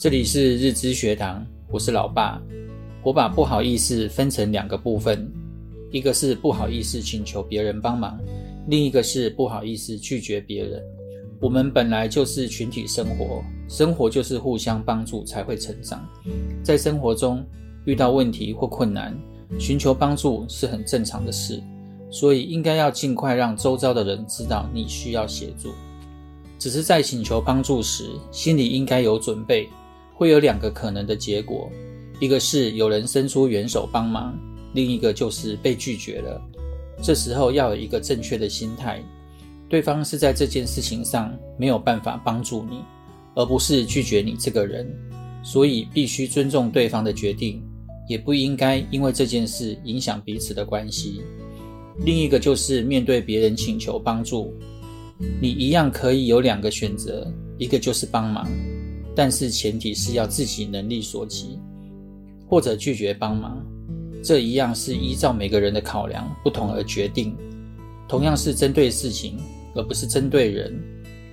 這裡是日知學堂，我是老爸。我把不好意思分成兩個部分，一個是不好意思請求別人幫忙，另一個是不好意思拒絕別人。我們本來就是群體生活，生活就是互相幫助才會成長。在生活中遇到問題或困難，尋求幫助是很正常的事，所以應該要盡快讓周遭的人知道你需要協助。只是在請求幫助時，心裡應該有準備。會有兩個可能的結果，一個是有人伸出援手幫忙，另一個就是被拒絕了。這時候要有一個正確的心態，對方是在這件事情上沒有辦法幫助你，而不是拒絕你這個人。所以必須尊重對方的決定，也不應該因為這件事影響彼此的關係。另一個就是面對別人請求幫助，你一樣可以有兩個選擇，一個就是幫忙。但是前提是要自己能力所及，或者拒絕幫忙，這一樣是依照每個人的考量不同而決定。同樣是針對事情，而不是針對人。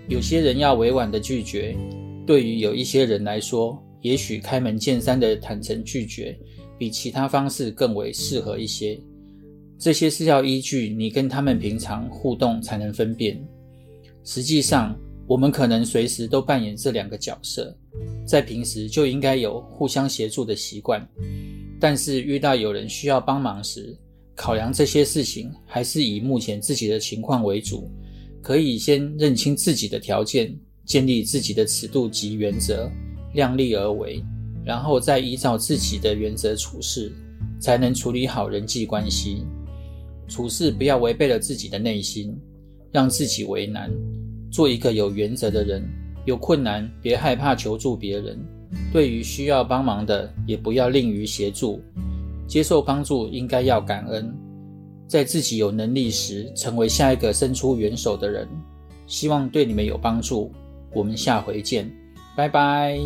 有些人要委婉的拒絕，對於有一些人來說，也許開門見山的坦誠拒絕，比其他方式更為適合一些。這些是要依據你跟他們平常互動才能分辨。實際上。我們可能隨時都扮演這兩個角色，在平時就應該有互相協助的習慣，但是遇到有人需要幫忙時，考量這些事情還是以目前自己的情況為主，可以先認清自己的條件，建立自己的尺度及原則，量力而為，然後再依照自己的原則處事，才能處理好人際關係。處事不要違背了自己的內心，讓自己為難。做一個有原則的人，有困難別害怕求助別人，對於需要幫忙的也不要吝於協助，接受幫助應該要感恩，在自己有能力時，成為下一個伸出援手的人。希望對你們有幫助，我們下回見，拜拜。